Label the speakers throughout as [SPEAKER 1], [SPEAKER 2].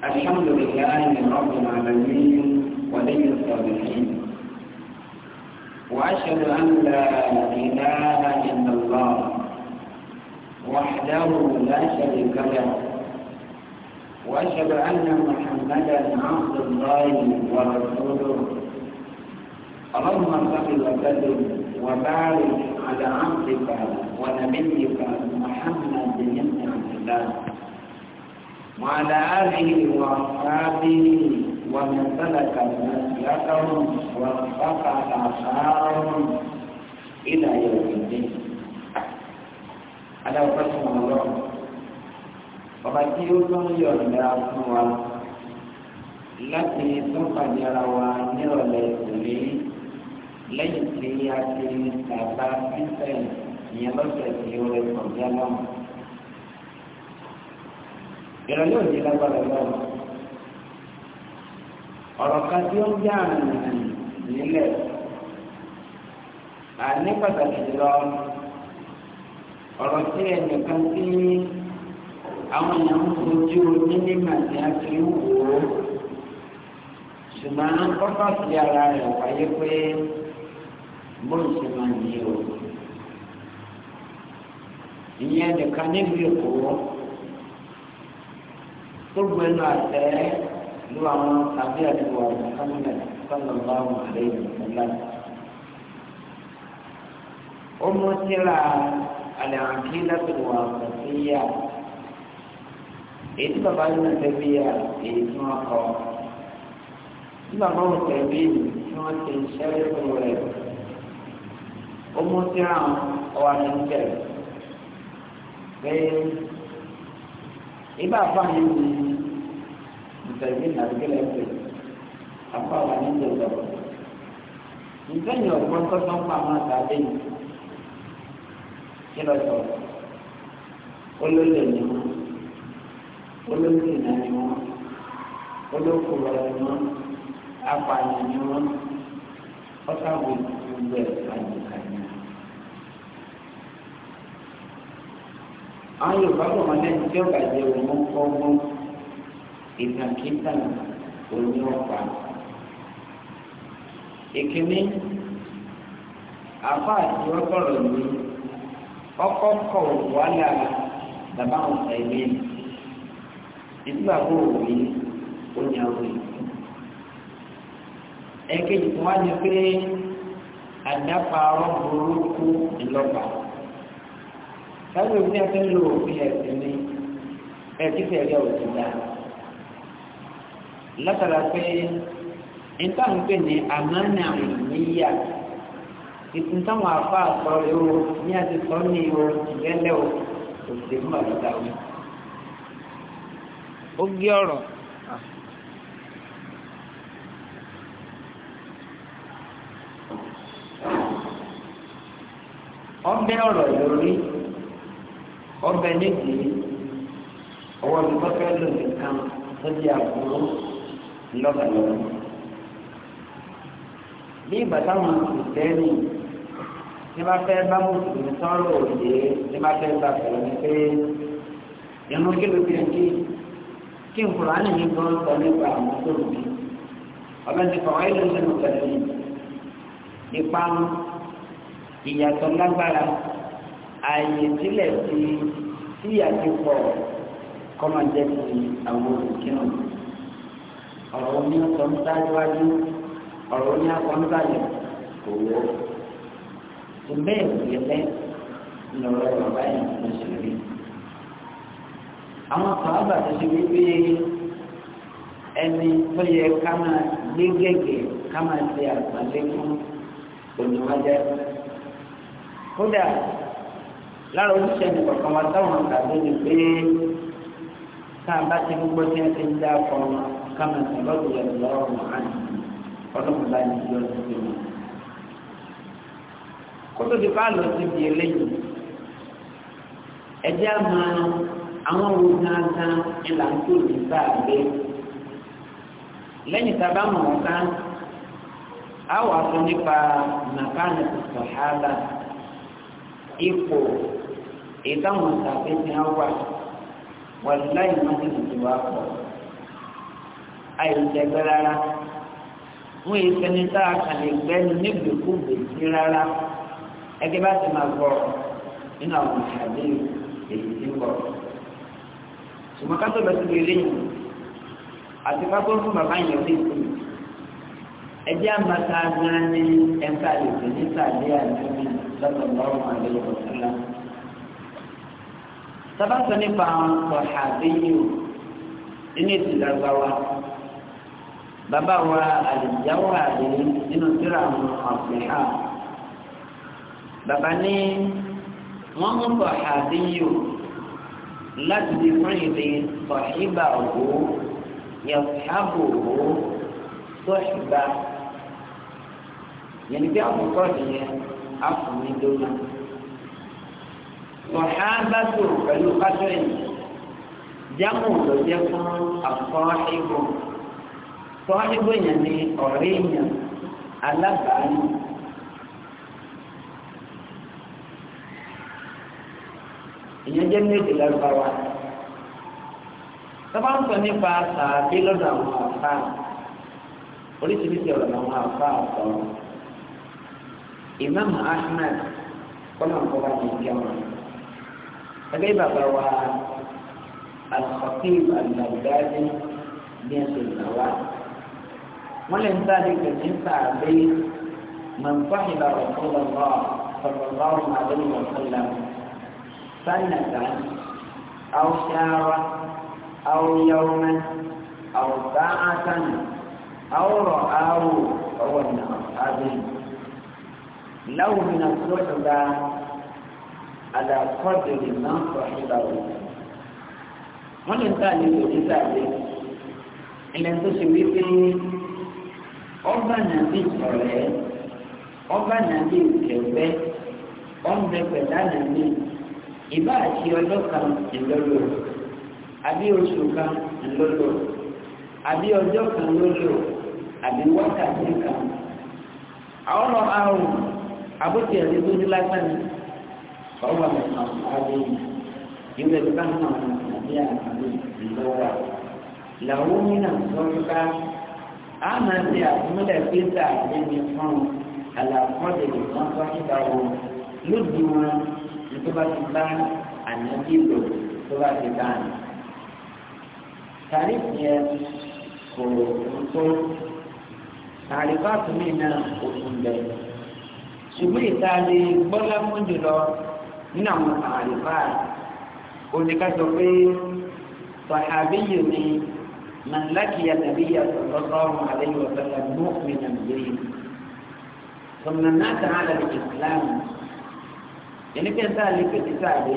[SPEAKER 1] الحمد لله رب العالمين ولي الصالحين وأشهد أن لا إله إلا الله وحده لا شريك له وأشهد أن محمدا عبد الله ورسوله اللهم صل وسلم وبارك على عبدك ونبيك محمد بن عبد الله وعلى آله وأصحابه ومن سلك مسلكهم واتقى آثارهم إلى يوم الدين على قسم الله ọba tí ó tún yọ̀ǹda fún wa láti tún pàdé ara wa nírọ̀lẹ́ òní lẹ́yìn tí a ti tàbá fífẹ́ ìyẹn lọ́sẹ̀ tí ó rẹ̀ kọjá lọ́mọ́. ìrọ̀ yóò di lágbára lọ́wọ́ ọ̀rọ̀ tí ó ń já àmì nílẹ̀ àní pàtàkì jùlọ ọ̀rọ̀ tí ẹnìkan àwọn èèyàn ń fojú níní màtí fi ń wò tó gbé nù àtẹ lu àwọn tàbí àdúgbò Muhammad sallallahu alayhi wa sallam. ó mú síra àlẹ́ àkílẹ̀ tó wà sàfíyà èyí bàbá yìí ń tẹ̀lé yà èyí tí wọ́n kọ́ tí bàbá wọn tẹ̀lé yìí tí wọ́n ti ń ṣẹ́rí fún rẹ̀ ó mú síra ọwọ́ àti ń tẹ̀lé ibà fáwọn ní ìtẹ̀wé nàdúgbẹ́lẹ̀ ẹ̀fẹ̀ àfáwọn ní ìjọba ìtẹ̀yìn ọ̀gbọ́n tọ́tọ́ ń pa àwọn àtàlẹ́ yìí kí lọ sọ olólè ni wọn olólè náà ni wọn olókùrọ̀ ni wọn apààyàn ni wọn ọ̀sán wo ìgbẹ́ àyè. àwọn yorùbá bọ̀ wọn lẹ́nu tí ọ̀gá jẹ́ òun fọ́gbọ́n ìtàkìtà òní ọ̀pá. ìkíní àfa àti ọgọ́rọ̀ ni ọkọ̀ kọ̀ wàhálà bàbá ọ̀sẹ̀ ilé mi. ìdúgbà bò wí oní àwọn èèyàn. ẹ̀kejì tí wọ́n á ní pé àdáparọ́ burúkú ńlọ́pàá. káwọn òbí náà fẹ́ lo òfin ẹ̀sìn ní ẹ̀kísẹ̀ ẹ̀rí ọ̀sìn látara pé ní àmánà afá rẹ̀ o ní àti sọ ní o ìrẹ́lẹ̀ o kò sí mú o. ó gé ọ̀rọ̀. ọ̀rọ̀ lórí. ọbẹ̀ nídìí ọwọ́ mi kọ́ fẹ́ lò nìkan tó di àbúrò lọ́gàlọ́gà. bí ìgbà táwọn kìrìtẹ́nì ní bá fẹ́ bá mùsùlùmí sọ̀rọ̀ òye ní bá fẹ́ gbà pẹ̀lú ní pé ìrún kí ló fi ń kí kí n kúrò ánì ní gan sọ nípa àwọn tó lù mí. ọbẹ̀ ti fọwọ́ ìlú sẹ́nu pẹ̀lú ìparun ìyàtọ̀ lágbára ààyè sílẹ̀ sí tí àtìpọ̀ kọ́mọ jẹ́ ti àwọn olùkírun ọ̀rọ̀ oní ọ̀sọ̀ ń sáájúwájú ọ̀rọ̀ oní akọ ń bàlẹ̀ kò wọ́ bẹ́ẹ̀ gẹ́gẹ́ lọ́rọ̀ bàbá yẹn ló ṣe rí àwọn sàábà tó ṣe wípé ẹni tó yẹ ká máa gbé gẹ́gẹ́ ká máa ṣe àgbàlẹ́ fún oníwájá kódà lára ojúṣe ní kọ̀ọ̀kan wa táwọn àgbàdo ni pé tá a bá ti ń gbọ́ tí a ti ń dá ọkọ̀ wọn ká máa tẹ̀ lọ́dọ̀ yẹn lọ́rọ̀ wọn á ní ọlọ́run bá ní ìjọ tó ti wọn. kótó ti bá lọ sí eléyìí ẹjẹ́ máa àwọn ohun gángan ńlá ń tó ní sáàgbé lẹ́yìn tá a bá mọ̀ ọ́n ká a wà fún nípa nàkánì sọ̀hálà ipò ìtàwọn ìtàkì ti hàn wà wà láì má ti tètè pọ̀ rárá tá a kàn lè gbẹ́ni nígbèkúgbè sí rárá ẹgbẹ́ bá ti máa gbọ́ nínú àwọn ìṣàdé èyí tí ń bọ̀. ṣùgbọ́n ká tó lọ sí ilé yìí àti ká tó fún bàbá yẹn ẹjẹ́ gan ni ẹ̀ka lè lọ́tọ̀ lọ́rùn sábàtọ̀ nípa àwọn sọ̀hábíyù nínú ètò ìdàgbàwà bàbá wa àlìjáwò àdé nínú síra àwọn ọ̀sìn ha bàbá ní wọ́n mú sọ̀hábíyù láti di fún ìdè sọ̀híbà òwò yẹ̀sọ̀hábò òwò sọ̀híbà yẹn ni bí àkókò sọ̀hábàtò pẹ̀lú kásìrìn jámù ló jẹ́ fún àkọ́ṣígbò kọ́ṣígbò yẹn ni ọ̀rẹ́ yẹn alábàáyé. ìyẹn jẹ́ méjì lọ́gbàwá tọ́ba ń sọ nípa sàbí lọ́dọ̀ àwọn àfa oríṣiríṣi ọ̀rọ̀ làwọn àfa àtọ̀ Imam Ahmad kọ́nà kọ́ba ní ìjẹun. فليما بوا الخطيب المجدد من الزوال ولن ذلك ينفع به من صحب رسول الله صلى الله عليه وسلم سنة أو شهرة أو يوما أو ساعة أو رآه هو من أصحابه لو من الصحبة àdàkọ́dìrì náà sọ̀hìlà wò. wọ́n lè ta ní òkúta rẹ̀ ilẹ̀ tó ṣe wípé ọba nàbí ọ̀rẹ́ ọba nàbí kẹfẹ́ ọ̀nbẹ̀pẹ̀lá nàbí ìbá àti ọlọ́kan ìlọ́lọ́ àbí oṣù kan ìlọ́lọ́ àbí ọjọ́ kan lọ́lọ́ àbí wákàtí kan àwọn ọ̀rọ̀ àrùn àbótiẹ̀lẹ́ tó dé lásán ni. فهو من أصحابه يوجد فهم من أصحابه اللغة له من الصحبة أما في أصمد في تعليم فهم على قدر ما صحبه لدوا لتبتبان النبي تبتبان تعريف تعريفات منا وصول شبيه تعليم بلا من جلو nínú àwọn àlùfà oníkàtọ pé sàhábíyù ni màlákìyà tàbí sallallahu alayhi wa sallam mu'minan bihi sọmọnà náà tàn án lẹbi ìsìlámù ẹni pé nta lè pèsè sáàdé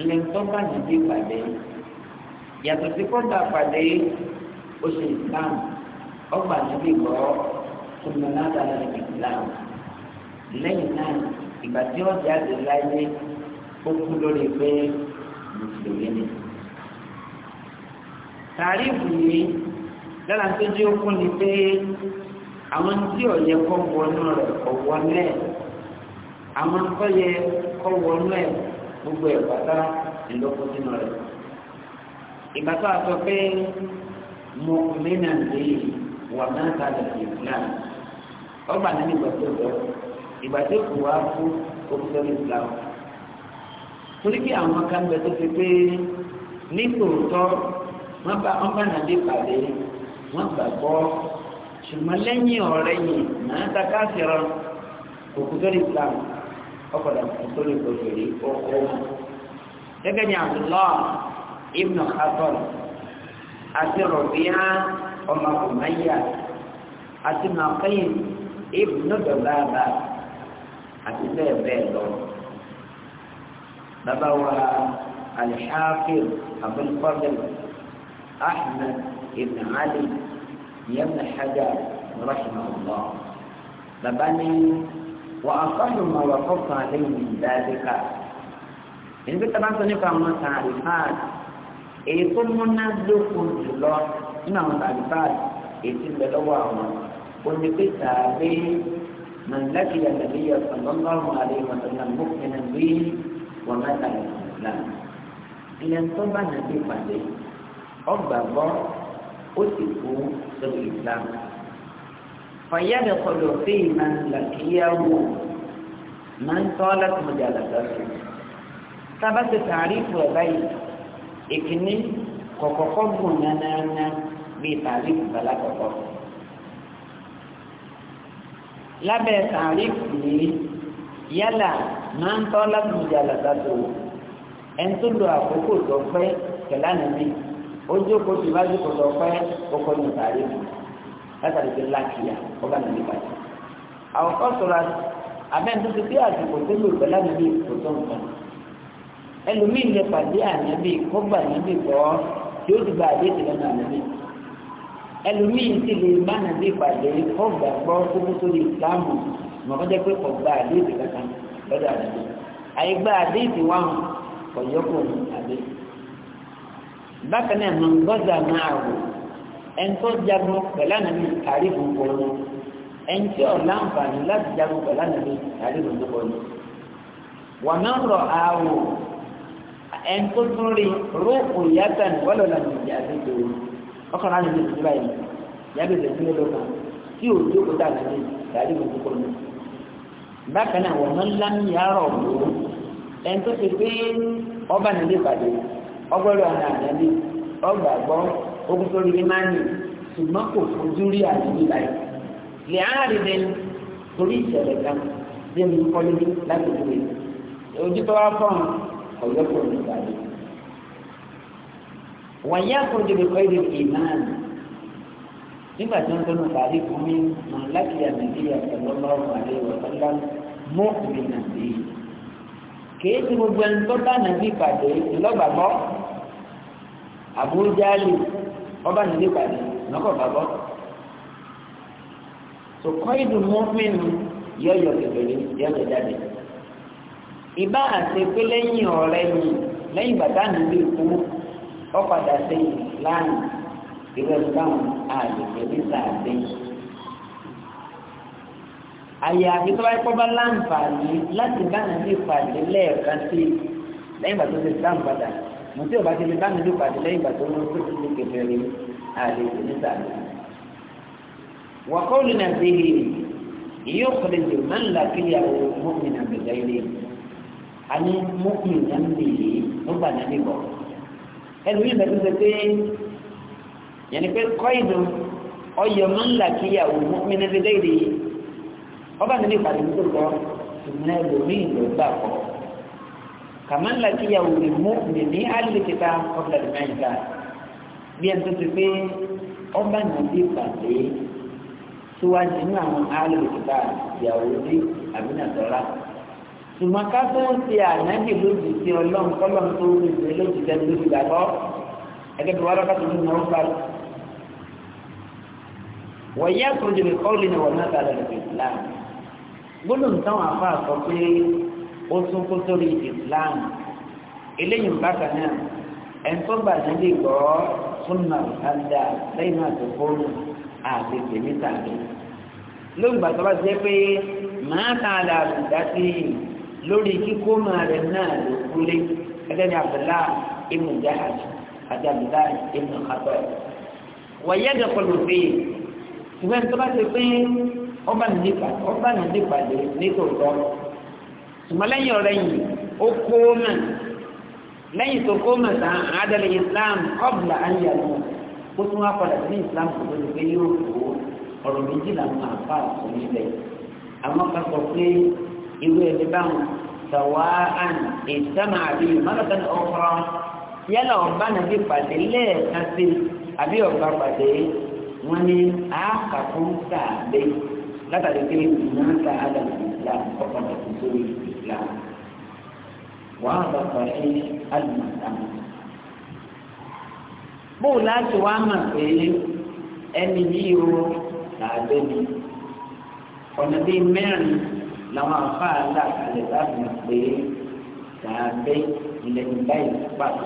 [SPEAKER 1] ilé ńtọ́gbà nìdí pàdé yàtọ̀ sí kọ́ńtà pàdé oṣù ìsìlámù ọgbà nìdí gbọ́ sọmọnà náà tàn án lẹbi ìsìlámù lẹ́yìn náà ìgbà tí ó jáde láyé ó kú lórí pé mùsùlùmí ni. tàrífù yìí lára tó jẹ́ ó kún ni pé àwọn tí ò yẹ kó wọnú rẹ̀ ọ̀wọ́ náà àwọn tó yẹ kó wọnú ẹ̀ gbogbo ẹ̀ pátá ìlọ́kùn sínú rẹ̀. ìgbà tó a sọ pé mo mí lè wà náà sálẹ̀ ìfúnà ọgbà nínú ìgbà tó lọ́wọ́ ìgbàdé kò wá fún òkúta islam torí kí àwọn kan bẹ tó ti pé ní tòótọ́ wọ́n bá wọ́n bá nàdí pàdé wọ́n gbàgbọ́ ṣùgbọ́n lẹ́yìn ọ̀rẹ́ yìí náà ta káfíọ̀rọ̀ òkúta islam ọkọ̀dà ìtòlè kòtòlè ọkọ̀ wọn. gẹ́gẹ́ ní abdullah ibn khatab àti rọ̀bíà ọmọ kùmáyà àti nàkẹ́yìn ibn dọ̀bàbà àti bẹ́ẹ̀ bẹ́ẹ̀ lọ. bàbá wa alḥafiz abulfadl ahmed ibn ali ibn hajar rahimahullah bàbá ní wà á sọ́dún mọ̀ wà fọ́fọ́ àlẹ́yìn dáadéka. ẹni pé tábà ń sọ nípa àwọn tàrífàt èyí tó múnádóko jùlọ nínú àwọn tàrífàt èyí tí ń lọ́wọ́ àwọn onípẹ̀tà bẹ́ẹ̀. من لقي النبي صلى الله عليه وسلم مؤمنا به ومات على الإسلام ìyẹn tó bá nàbí pàdé ọgbàgbọ́ ó sì kú sórí islam fàyàdé kọlù fi máa ń làkìyàwó máa ń tọ́ láti mọ̀jà làdọ́sí tábà ti tààrífù ẹ̀ báyìí ìkíní kọ̀kọ̀kọ́ lábẹ́ tàrífù yìí yálà máa ń tọ́ láti mú jàlá sátò ẹni tó lo àkókò tó pẹ́ kẹlá nìmi ojú kò tó bá dúkò tó pẹ́ kókó ní tàrífù látàrí pé lákìyà ó bá nìmi bàjẹ́. àwòkọ́ sọ̀rọ̀ abẹ́ tó ti pé àsìkò tó lò pẹ́ lánàbí kò tó nǹkan ẹlòmíì lè pàdé ànábì kó gbà ànábì gbọ́ yóò dùgbà àdéhùn lọ́nà ànábì ẹlòmíì ti lè bá nàbí ìpàdé ọgbà gbọ́ kókó tó lè dáàmú mọ̀kọ́jẹ́ pé ọgbà àdéhùn kankan lọ́dọ̀ àdàbí àyígbà àdéhùn wà hàn ọ̀yọ́kọ̀ àdé. bákan náà mọ̀ gbọ́dọ̀ máa wò ẹni tó jagun pẹ̀lú ànàbí kárí gbogbo ọ̀nà ẹni tí ò láǹfààní láti jagun pẹ̀lú ànàbí kárí gbogbo ọ̀nà. wọ́n náà rọ̀ àwò ẹni tó tún rí róòkù yàtọ̀ ní wọ́lọ́lá ọkàn náà lè ti báyìí yàgbé ìgbà sílẹ̀ lọ́kà tí ò tí ó kó dàgbà dé dàdí ìgbà kúkọ ní. bákan náà wọ́n ńlá ń yàrá ọ̀gbọ́ ẹni tó ti pé ọba nílé ìpàdé ọgbọ́dọ̀ àwọn àgbàdé ọgbàgbọ́ ogun tó rí máa ń ṣùgbọ́n kò fojú rí àdúgbò báyìí. lè áàrin ní torí ìṣẹ̀lẹ̀ kan bí ẹni kọ́lé láti dúró ojú tó wá fọ́n ọ̀yọ́kùnrin ìpàdé ويكن بخير الإيمان nígbà tí wọn tẹnu tàbí fún mi wọn láti àmìlíyà sallallahu alaihi wa sallam mọ́kùnrin nàbí kìí tí gbogbo ẹni tó bá nàbí pàdé ìlọ́gbàgbọ́ àbújáàlì ọba nàbí pàdé lọ́kọ̀gbàgbọ́ tó kọ́ ìdù mọ́kùnrin yọ̀yọ̀ kékeré yọ̀yọ̀ jáde ìbá àti pé lẹ́yìn ọ̀rẹ́ yìí lẹ́yìn bàtà nàbí ìkú ọ̀padà sí láàánú ìwé ìdáhùn àgbègbè níta àgbè. àyè àbíkọ́ bá kọ́ bá láǹfààní láti dáhùn sí ìpàdé lẹ́ẹ̀kan sí lẹ́yìn ìgbà tó ti dáhùn padà mo tí ò bá ti lè dáhùn sí ìpàdé lẹ́yìn ìgbà tó ń tó ti lè kẹfẹ́ rí àgbègbè níta àgbè. wàkọ́ọ̀lù náà ti rí ìyó kọ́lẹ́jì máa ń là kílíà owó mọ́kùnrin àgbègbè ilé. a ní náà ń bèèrè ló gbà náà ẹlòmíì bẹ́ẹ̀ tó ṣe pé yẹn ni pé kọ́ ìdùn ọyọ máa ń là kíyàwó mọ́mìnà ti léèrè ọba nílé ìpàdé tó kọ́ ṣùgbọ́n ẹlòmíì ló gbà kọ́ kàmá ń là kíyàwó rè mọ́mìnà ní alìkìta ọ̀pọ̀lọpọ̀ mẹ́ta bí ẹni tó ti pé ọba nílé ìpàdé síwájú ní àwọn alìkìta ìyàwó ní àbínàtọ́lá ṣùgbọ́n ká tó ń ṣe ànájì lójú sí ọlọ́run kọ́lọ́n tó ń ṣe lójú sẹ́ni lójú gbàgbọ́ ẹgbẹ́ bí wọ́n lọ́kọ́ tó ń mọ̀ ń parí. wọ́n yẹ kó lè kọ́ lè wọ̀ náà tààrà lè Islam gbólóhùn táwọn afá sọ pé ó tún kó sórí Islam eléyìí bákan náà ẹ̀ńtọ́ gbà nílé gbọ́ súnmọ́ àdá lẹ́yìn náà àti tèmítàdé lórí kíkó máa rẹ̀ náà ló kúlé gẹ́gẹ́ ní abdullá ibn jahaj àti abdullá ibn khatọ wàyí ẹ̀dẹ̀ pẹ̀lú pé ìwé tó bá ti pín ọba nìdípàdé nítòótọ́ ṣùgbọ́n lẹ́yìn ọ̀rẹ́ yìí ó kó mọ̀ lẹ́yìn tó kó mọ̀ tán àádọ́lẹ̀ islam kọ́bùlà ayélujára ó tún wá padà sí islam kò tó lè pé yóò kó ọ̀rọ̀ méjìlá máa fà á sọ nílẹ̀ àwọn sọ pé ìwé ẹni báwọn sàwáàn ìsámà àbí mọ́lọ́tàn ọ̀rọ̀ yálà ọba nàbí pàdé lẹ́ẹ̀kan sí àbí ọba pàdé wọn ni àákàkún sàbẹ látàrí pé ìmọ̀ ta adam islam ọkọ̀ ọ̀tún sórí islam wàá bá pàṣẹ alùmọ̀tàmù. bóun láti wá mà pé ẹni yìí ó sàbẹ ni ọ̀nà bíi mẹ́rin. làwọn afáà là kalẹ̀ láti mọ̀ pé sàbẹ̀ ilẹ̀ nígbà yìí pàtó.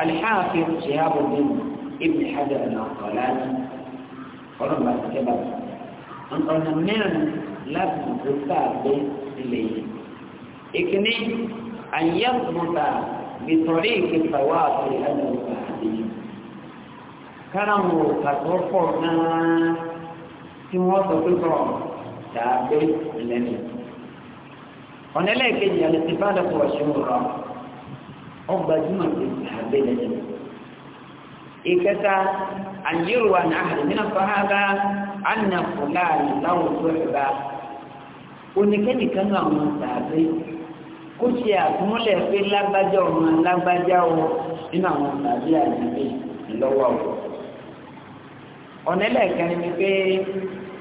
[SPEAKER 1] alihafi ṣèyàwó bin ibn hajar al-Asqalani ọlọ́mọ àti kẹba ọ̀nà mẹ́rin láti mọ̀ pé sàbẹ̀ ilẹ̀ yìí. ìkíní àyẹ̀kùnmọ́ta bìtọ̀rí ìkẹfàwọ́ àti ìlànà ìgbà àdéhùn. káràmù kàtó pọ̀ náà. tí wọ́n sọ pé kọ́ dàgbé lẹ́nu. ọ̀nà ẹlẹ́ẹ̀kejì àlẹ́ ti bá dàpọ̀ ọ̀ṣun rọ̀ ọ gbajúmọ̀ sí dàgbé lẹ́nu. ìkẹta àyẹ̀rù àná àdìmínà fàábà àná fúláàlì láwùjọ ìbá oníkẹ́nìkan náà wọn dàgbé kó ṣe àtúmọ̀lẹ̀ pé lágbájá ọmọ lágbájá o nínú àwọn tàbí àdìgbé lọ́wọ́ ọ̀nà ẹlẹ́ẹ̀kẹrin ni pé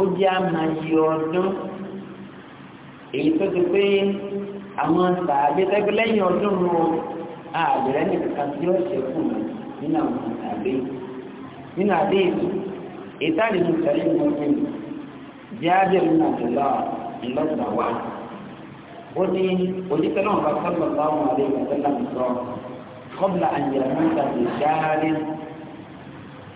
[SPEAKER 1] ó jẹ́ àmàyè ọdún èyí tó ti pé àwọn sàábé tẹ́gbẹ́ lẹ́yìn ọdún mọ́ àbẹ̀rẹ̀ nìkan tí ó ṣe kù nínú àwọn sàábé nínú àdé ìlú ìtàlẹ̀ ní sẹ́lẹ̀ ní ọdún yìí jáde nínú àdúrà ńlọ́gbà wa ó ní òjíṣẹ́ náà bá sọ́gbà báwọn àdé ìgbà tẹ́lẹ̀ sọ kọ́bùlà àyẹ̀rẹ̀ mẹ́ta lè ṣáárín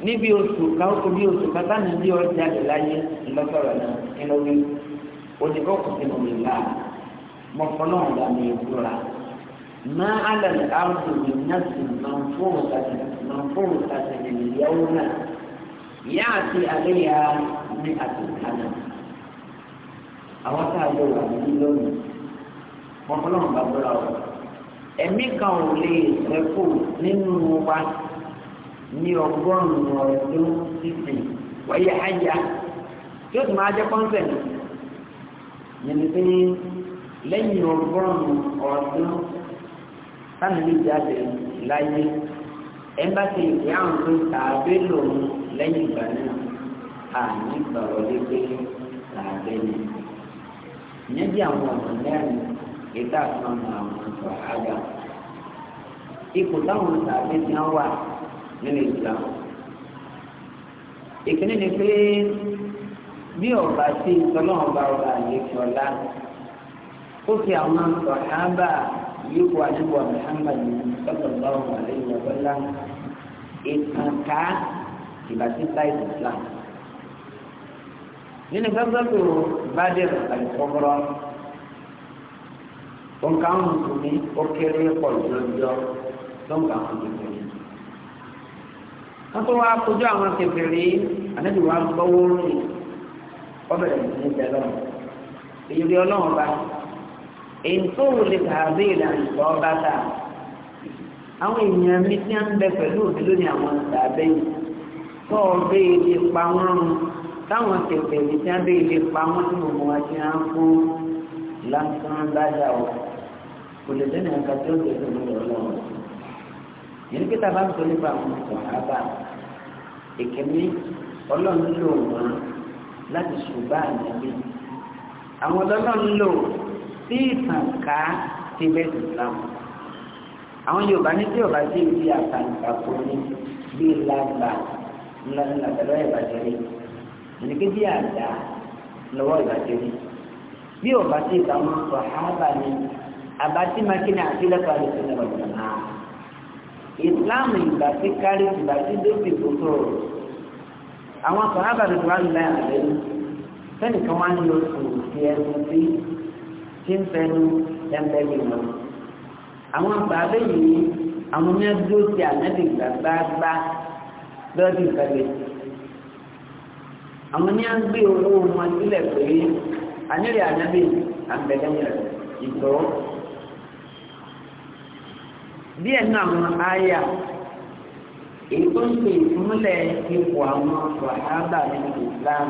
[SPEAKER 1] níbi oṣù kan kò bí oṣù kan sáà níbi ọjà lè láyé lọ́sọ̀rọ̀ náà nínú wí òdìbò kò sí mọ̀ nílá mọ̀kànlá ọ̀dà mi ìfura máa alẹ́ àrùn mi náà sì máa fóònù tàbí máa fóònù tàbí ìyàwó náà yá àti àléyà ní àtìkánná àwọn tá a lè wà ní lónìí mọ̀kànlá ọ̀dà bọ́lá ẹ̀mí kan ò lè rẹ́pò nínú wa. ní ọgọ́rùn-ún ọdún sísìn wáyé ayá tí ó sì máa jẹ́ kọ́ńsẹ̀ǹtì yẹn ni pé lẹ́yìn ọgọ́rùn-ún ọdún sáàmì lè jáde láyé ẹ̀ńbàṣe ìwé àwọn tó lẹ́yìn ìgbà náà àmì ìgbàlọ́ lé pé ni ìyẹn bí àwọn ọ̀nà mẹ́rin ètò àwọn àgbà ipò táwọn ti nínú Islam ìkíní ni pé bí ọba tí ìtọ́lọ́wọ́n bá ọba àlejò ọ̀la ó fi àwọn sọ̀hábà yípo àdúgbò Muhammad sallallahu alaihi wa sallam ìtànká ìbátítà Islam nínú gbàgbọ́dọ̀ Badr àlùkọ́kọ́rọ́ òǹkà àwọn mùsùlùmí ó kéré pọ̀ lójọ́ lóǹkà àwọn mùsùlùmí. wọ́n tó wá kojú àwọn kẹfìrí ànábì wa gbọ́wọ́ rìn ọbẹ̀rẹ̀ ní bẹ̀rẹ̀ ìrírí ọlọ́run bá èyí tó wù lè ìlànà ọba ta àwọn èèyàn mi a ń bẹ pẹ̀lú òbí lónìí àwọn tó ọbẹ̀ ilé pa wọ́n rún táwọn a bẹ ilé pa wọ́n tí mo ń lásán yẹn ní pété abáǹtò nípa àwọn sọ̀hábà ìkẹ́mí ọlọ́run lò wọ́n láti ṣùgbọ́n ànábì àwọn ọlọ́run lò sí ìtànká ti bẹ́ẹ̀ islam àwọn yorùbá ní tí yorùbá ti fi àtàǹkà kò ní bí lágbà ńláńláńlá ìbàjẹ́ rí yẹn ní pété àdá lọ́wọ́ ìbàjẹ́ rí bí yorùbá ti ìtàwọn sọ̀hábà ní àbátí makíní àti lẹ́kọ̀ọ́ àdìsí ní ọ̀gbọ̀n náà islam ìgbà tí kárí ìgbà tí dókè tó sọ̀rọ̀ àwọn sàhábà rẹ̀ tó wà ní láyà lẹ́nu sẹ́nì kan wá ní oṣù ti ẹnu sí tí ń fẹnu ẹnbẹ́lì lọ àwọn bàbá yìí àwọn mẹ́rin dúró sí ànábì gbàgbàgbà lọ́dún ìgbàgbẹ́ àwọn ní à ń gbé owó wọn sílẹ̀ pé àníri ànábì àbẹ̀lẹ́yìn ìgbọ́ díẹ̀ náà àwọn àyà èyí tó ń pè ìfúnmúlẹ̀ ipò àwọn sàhábà nínú Islam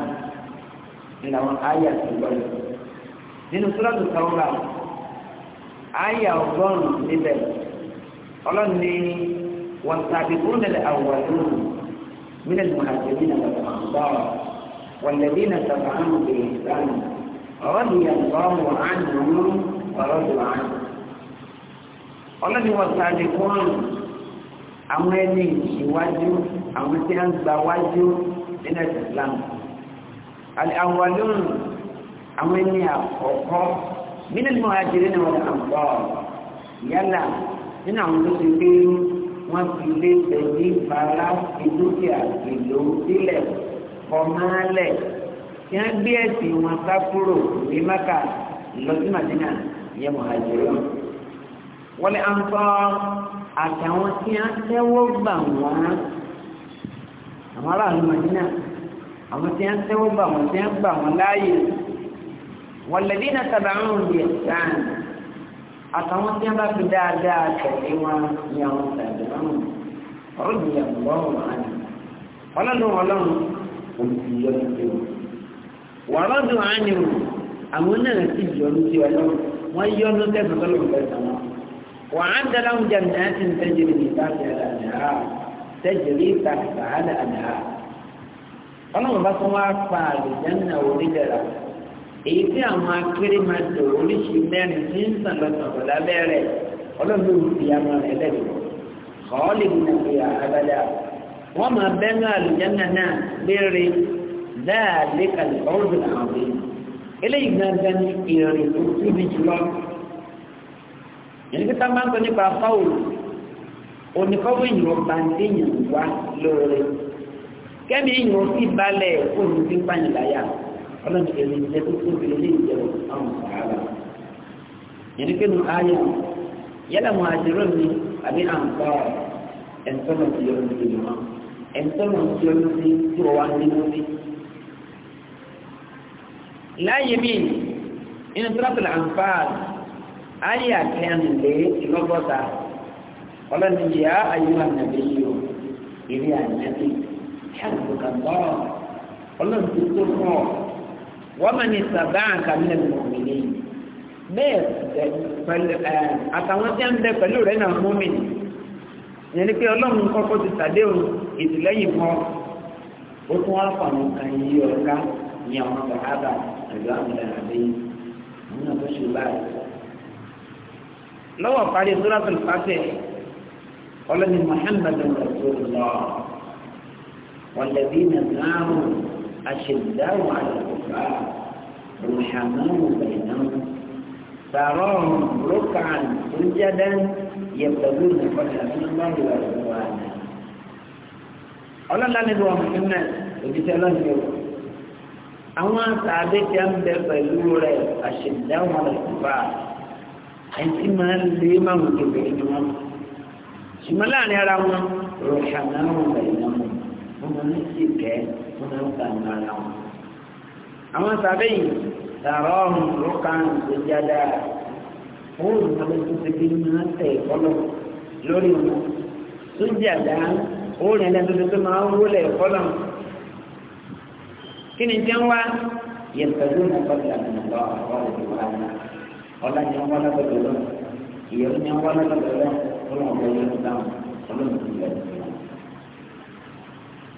[SPEAKER 1] ní àwọn àyà tó gbọ́dọ̀ nínú sọ́dọ̀tù kọ́ńbà àyà ọgọ́rùn-ún níbẹ̀ ọlọ́ni wọ́n tàbí kúndẹ̀lẹ̀ àwòrán من المهاجرين والأنصار والذين تبعهم بإحسان رضي الله عنهم ورضوا عنه ọlọ́ni wọ́n sáré fún àwọn ẹni ìwájú àwọn tí a ń gba wájú nínú ẹ̀sìn Islam àwọlọ́run àwọn ẹni àkọ́kọ́ nínú ìmọ̀ ajẹ́rẹ́ ni wọ́n kàn bọ̀ yálà nínú àwọn tó ti gbé wọ́n fi lé tẹ̀lé ìbára ìdúkìá ìlú sílẹ̀ kọ́málẹ̀ tí wọ́n gbé ẹ̀sìn wọn sá kúrò ní Mẹ́kà lọ sí Màdínà ìyẹn mọ̀ ajẹ́rẹ́ wọn wọ́n lè àǹfà àtàwọn tí a tẹ́wọ́ gbà wọ́n àwọn aráàlú màdínà àwọn tí a tẹ́wọ́ gbà wọ́n tí a gbà wọ́n láàyè wọ́n lè dín àtàbà ń rìn bí ẹ̀sán àtàwọn tí a bá fi dáadáa tẹ̀lé wọn ní àwọn tàbí ọ̀hún ọ̀rọ̀ ìyá ọ̀gbọ́n wọn ọlọ́run ọlọ́run olùdíyọ́ ti wọ́n wọ́n rọ́dùn ánìmù àwọn náà sì yọ́nú sí ọlọ́run wọ́n yọ́nú tẹ́sán tọ́lọ́run tẹ́sán wọn وعند لهم جنات تجري من تحتها الأنهار تجري تحتها الأنهار ọlọ́run bá tún wáá pa àlùjáná onídẹ̀ra èyí tí àwọn akérèmọdò oríṣi mẹ́rin ti ń sàn lọ́sọ̀tọ̀ lábẹ́rẹ̀ ọlọ́run ló fi àwọn ẹlẹ́dẹ̀ẹ́ kọ́ọ́lì nínú ìyá abẹ́lẹ́ wọ́n máa bẹ́nu àlùjáná náà léèrè dáàlé kàlẹ́ ọ̀rùn àwọn ọ̀gbìn eléyìí gbàgbà ní ìrìn tó tóbi jùlọ ẹni pé sábà ń sọ nípa fáwọlù oníkọ́wé ìyọ̀ bàǹdéyìn wá lóore kẹ́mi ìyọ̀ sí balẹ̀ òní tí ń pààyàn láyà ọlọ́run kẹ́mi ìjẹ́ tó tó fi lé ìjẹ́ àwọn sàárà ẹni pé nu ayé yálà mo àjẹrò mi àbí àǹkọ́ ẹ̀ńtọ́nà ti yọ ní ìlú wọn ẹ̀ńtọ́nà ti yọ ní tí wọ́n wá nínú sí. láyé mi inú tó lápẹ̀lẹ̀ àǹfààní àyà kẹrìnlẹ̀ ìlọ́gọ́ta ọlọ́ni yà ayéwà nàbẹ́ yìí o ìrì na ọlọ́ni tó tó fún ọ wọ́n mọ̀ ní sábà àkàmìlẹ̀ mọ̀mìlẹ̀ bẹ́ẹ̀ pẹ̀lú àtàwọn tí a ń bẹ pẹ̀lú rẹ̀ náà mọ́mìn ìyẹn ni pé ọlọ́run kọ́kọ́ ti sàdéhùn ìtìlẹ́yìn mọ́ ó tún wá fún kan yí ọ̀ká àwọn àbẹ́yìn àwọn báyìí lọ́wọ́ parí suratul Fatih ọlọ́ni Muhammad rasulullah walladhina náà ashiddaa'u 'ala al-kuffar ruhamaa'u baynahum tarahum ruk'an sujadan yabtaghuna fadlan min Allahi wa ridwana ọlọ́lá nínú ọmọ ìpínlẹ̀ òjíṣẹ́ lọ́nà àwọn àtàdé tí a ń bẹ pẹ̀lú rẹ̀ ashiddaa'u 'ala ẹ̀tí máa ń lè máa wọ́n kẹfẹ́ ní wọn ṣùgbọ́n láàrin ara wọn rọ̀ṣà náà wọ́n bẹ̀rẹ̀ náà wọn wọ́n máa ń sì kẹ́ wọ́n máa ń gbà ní ara wọn. àwọn sàbẹ̀ yìí tààrọ̀ ọ̀hún ló ká ń ṣe jáde wọ́n ò máa lè tún ṣe máa tẹ̀ ìkọlọ̀ lórí wọn tó jàdá ó rìn lẹ́nu tó máa ń wọlé ìkọlọ̀ kí ni jẹ́ wá yẹ̀pẹ̀lú nàkọ́jà nàkọ́ àwọn ọlá ni wọn wọlé lọ́dọ̀ lọ ìyẹwò ni wọn wọlé lọ́dọ̀ lọ fọlọ ọmọ yẹn ló dáhùn Ọlọ́run ti lẹ sí wọn.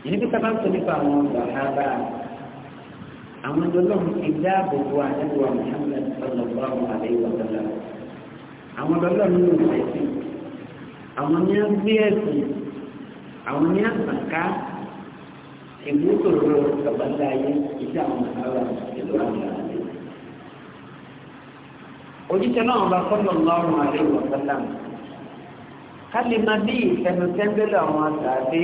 [SPEAKER 1] ìdíbi sábà ń sọ nípa àwọn ọgbà àwọn ọlọ́run ti dáàbò bo àdébò Muhammad ọlọ́gbà ọmọ àlẹ́yìn ọ̀dọ́lá àwọn ọlọ́run ló ń sẹ́sìn àwọn ní á ẹ̀sìn àwọn ní á sàká ìlú òjíṣẹ́ náà bá kọ́lọ̀ lọ́rùn àdéhùn ọ̀sán ká lè máa bí ìfẹnu tẹ́ńbẹ́lẹ̀ àwọn àtàdé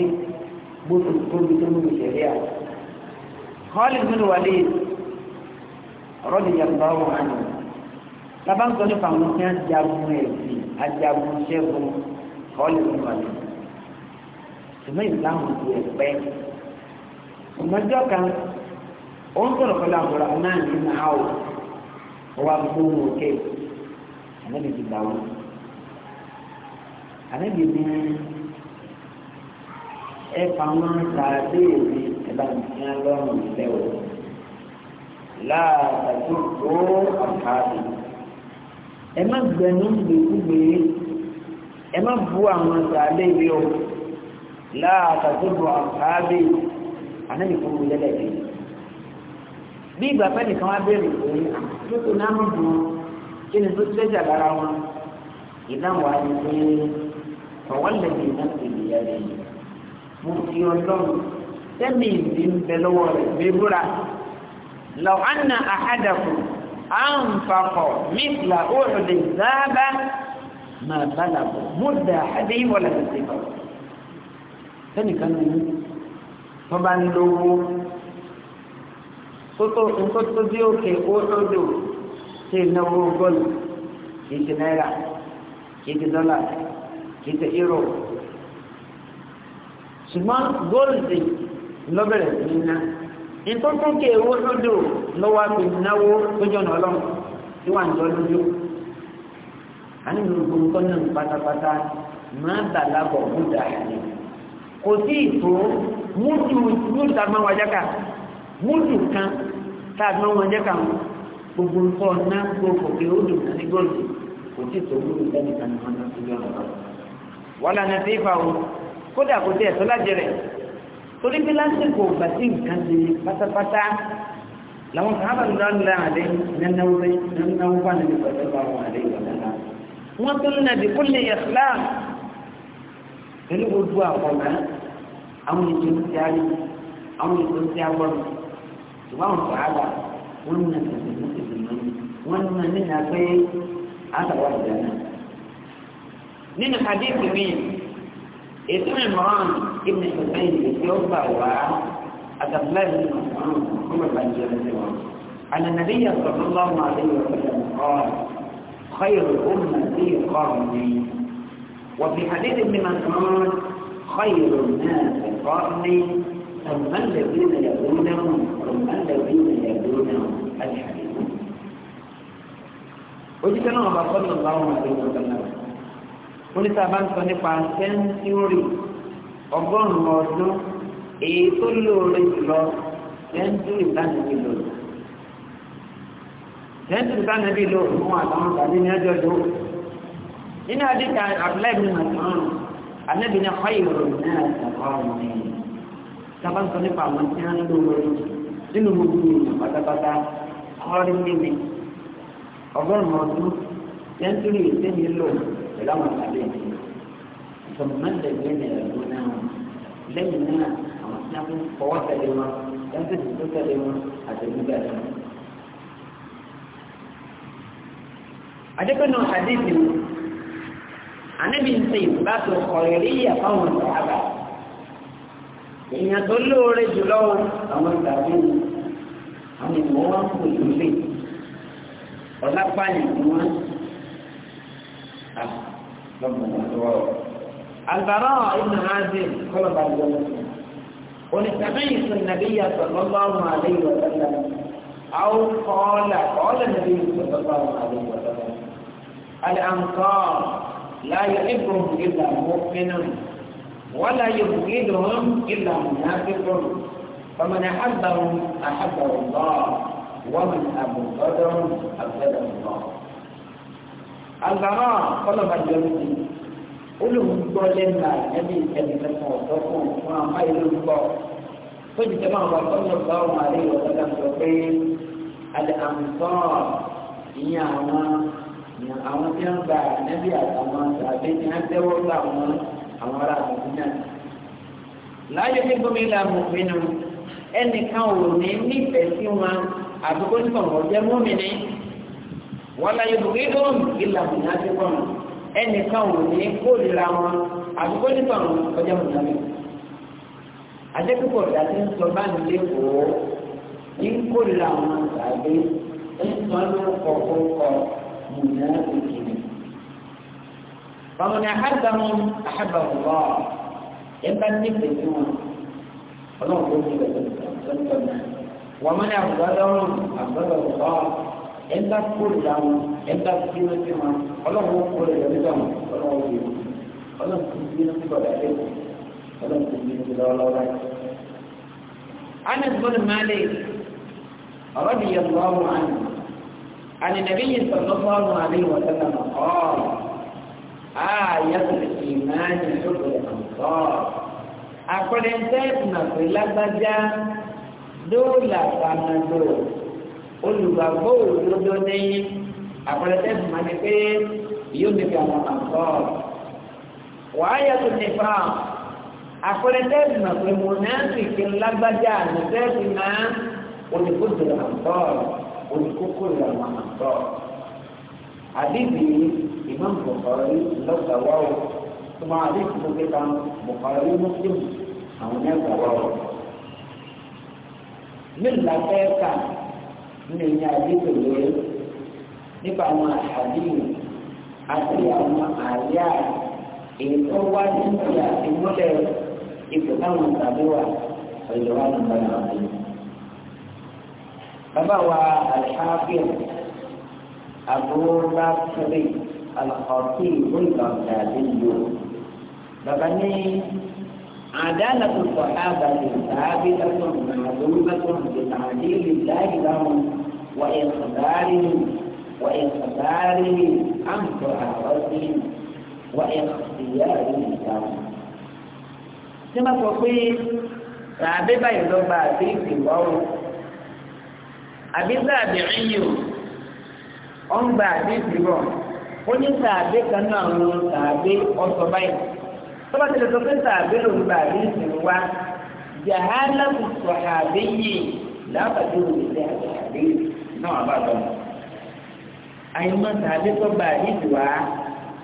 [SPEAKER 1] gbóòtú tóbi tó mú ìṣẹ̀lẹ̀ à. kọ́lì bin Walid radiyallahu anhu lábá ń sọ nípa àwọn tí wọ́n jagun ẹ̀sìn ajagun ṣẹ́gun kọ́lì bin Walid. ṣùgbọ́n ìsìláàmù ti ẹ̀pẹ́. ìmọ̀jọ́ kan òun sọ̀rọ̀ pẹ̀lú àbúrò náà nínú àwọn wọ́n wá gbogbo wọn òkè ànábì ti gbà wọ́n ànábì ti ẹ fáwọn sàdé òbí ẹ bá mi fi hàn lọ́rùn ìlẹ̀ o láàbàtú tó àkàbì ẹ má gbẹnu gbèkúgbè ẹ má bu àwọn sàdé ìlẹ̀ o tó àkàbì ànábì kò wọlé lẹ́yìn bí ìgbà pẹ́ nìkan wá bẹ̀rẹ̀ òun tó tó náà mọ̀ wọn kí ni tó tẹ́jà lára wọn ìdáhùn wa ni pé ọ̀wọ́lẹ̀ mi náà ti lè yá rẹ̀ yìí mo fi ọlọ́run sẹ́mi ìdí ń bẹ lọ́wọ́ rẹ̀ gbé búra lọ anna àhádàkù àǹfàkọ̀ mìtìlá òòrùn záábà máa bálàbọ̀ múdà àdé ìwọ̀lẹ̀ tẹ̀síkọ̀ sẹ́nìkan ní wọ́n bá ń lówó nǹkan tó dé òkè owó tó dò ṣe ìnáwó gọ́ọ̀lù kìí ṣe náírà kìí ṣe dọ́là kìí ṣe euro ṣùgbọ́n góòlù lọ́bẹ̀rẹ̀ sí ní ná nǹkan tó kè owó tó dò lọ́wọ́ àti ìnáwó tó jọ̀nà ọlọ́run tí wà ń jọ lójú àní gbogbo nǹkan náà pátápátá máa bàlágọ̀ mú dàá kò sí ìtò mú ju mú ta máa wájáká múdù kan tàbí wọn jẹ́ kàwọn gbogbo nǹkan náà gbogbo pé ó dùn ní gọ́ọ̀lù kò tí tó múdù lẹ́nu kan ní wọn náà sí lọ́nà bá wà lánàá sí ìfà o kódà kò tẹ̀ sọ́lájẹ rẹ̀ torí pé lásìkò ìgbà tí nǹkan ti pátápátá làwọn sábà ń dá nílẹ̀ àdé nánnáwó bẹ́ nánnáwó bá nílẹ̀ pẹ̀lú àwọn àdé ìgbàlá wọn tó lónà dé kó lè yẹ fúláà pẹ̀lú gbogbo àwọn ọ̀gá àwọn ètò ìsì الله تعالى قلنا في المسجد المنى وانما منها فين على واحد انا من حديث مين اسم عمران ابن حسين يوفى و عبد الله بن مسعود عمر بن جلاله و عن النبي صلى الله عليه وسلم قال خير الأمة في قرني وفي حديث ابن مسعود خير الناس في قرني ثم الذين يدونهم ثم الذين يدونهم الحديث ojúkẹ́ náà bá fọ́nà báwọn àdéhùn ọ̀gá oníta bá ń sọ nípa sẹ́ńtúrì ọgọ́rùn-ún ọdún èyí tó lóore jùlọ sẹ́ńtúrì tánàbí lò sẹ́ńtúrì tánàbí lò fún àtàwọn tàbí ní ọjọ́ ìdó nínú àdéhùn àbúlẹ̀ mi nà sọ́run àdébìnrin ọ̀họ́ ìròyìn náà sọ̀rọ̀ nìyí sábà ń sọ nípa àwọn tí wọ́n ń lò lórí nínú gbogbo èèyàn pátápátá ọ̀rẹ́ mímí ọgọ́rùn-ún ọdún sẹ́ńtúrì ìsẹ́mi lò pẹ̀lú àwọn àgbàdo ìdí ìsọ̀mọ́lẹ̀gbẹ́ ìrẹ̀lú náà lẹ́yìn náà àwọn tí wọ́n fọwọ́ tẹ̀lé wọn sẹ́ńtúrì tó tẹ̀lé wọn àtẹ̀gbẹ́gbẹ́ rẹ̀. adékọ́nà àdéhùn anábìyí ṣe ìbátò ọ̀rẹ́rí àfáwọn ọ̀rẹ́ èèyàn tó lóore jùlọ àwọn ìgbàgbé ni àwọn ìmọ̀ wọn kò ló lè ọ̀lápàyàn ni wọn lọ́gbọ̀n lọ́wọ́ àgbàrá ìmọ̀ ààbẹ̀ kọlọ̀bà ìjọba ونستعين النبي صلى الله عليه وسلم أو قال قال النبي صلى الله عليه وسلم الأنصار لا يحبهم إلا مؤمن ولا يبغضهم إلا منافق فمن أحبهم أحبه الله ومن أبغضهم أبغضه الله البراء طلب الجنة قلهم قولنا نبي كلمة وصفهم وما خير الله صلى الله عليه وسلم يقول الأنصار من إياما تنبع نبي الأنصار بين نبي والله àwọn ará àbúrò náà. láyé ní gómìnà mọ̀mínú ẹnìkan ò ní nífẹ̀ẹ́ sí wọn àdúgbò nípa ọ̀jẹ́ mọ́mìnì wọ́n láyé bùkún ìdóhùn ìlànà àti kọ́nà ẹnìkan ò ní kórìíra wọn àdúgbò nípa ọ̀jẹ́ mọ̀mìnì. àdékùkọ̀ ìdásí ń sọ báyìí lẹ́kọ̀ọ́ ní kórìíra wọn tàbí ń sọ ní ọ̀kọ̀ọ̀kọ̀ mọ̀mìnì فمن أحبهم أحبه الله إما النفسون فنقول لك ومن أبغضهم أبغضه الله إلا كلهم إلا كلهم فلهم كلهم فلهم فلهم كلهم فلهم فلهم كلهم أنس بن مالك رضي الله عنه عن النبي صلى الله عليه وسلم قال آية الإيمان حب الأنصار أقرنتك نقل بجا دولة فاندو olùgbàgbọ́ òdodo ní àpẹẹrẹ ìmọ̀ ni pé yóò ní kí àwọn àǹkọ́ wàá yàtọ̀ nípa àpẹẹrẹ ìmọ̀ pé mo náà sì kí n lágbájá àlùfẹ́ẹ̀sì náà olùkókò àǹkọ́ olùkókò ìlànà àǹkọ́ àdìbì Imam Bukhari lọ́gbà wá o tó máa rí ìlú kíkà Bukhari Muslim àwọn ẹgbà wá o. Nílùú Afẹ́ẹ́kà ní ẹ̀yìn àdéhùn lórí nípa àwọn àdéhùn àti àwọn àyà ètò wá níbi àtìmọ́lẹ̀ ipò táwọn tàbí wà ọ̀yọ́ wà nígbà náà. Bàbá wa Al-Hafiz Abu Bakr alkọ̀tì olùkọ̀tàdéyò. Bàbá ní àdáàlà tó sọ ábàlẹ̀ tàbí lọ́sọ̀ màdùn lọ́sọ̀ ìtàdé lè dáyé láwọn wà ẹ̀sọ̀dárí wà ẹ̀sọ̀dárí àǹtọ̀ àwọ̀sí wà ẹ̀sọ̀dárí ìdáhùn. Ṣé máa sọ pé tàbí báyìí lọ́ba àti ìgbìmọ̀rò àbí sáàbì ríyò ọ̀ ń gba àdéhùn bọ̀ ó ní sàbẹ kan náà àwọn sàbẹ ọsọ báyìí tọ́ba tẹ̀lé sọ pé sàbẹ ló ń gbà rí ìsìn wa jàhálà kò sọ àbẹ yìí lábàdé òwúrẹ àbẹ náà bá lọ. àyìnbó sàbẹ tó gbà rí ìsìn wa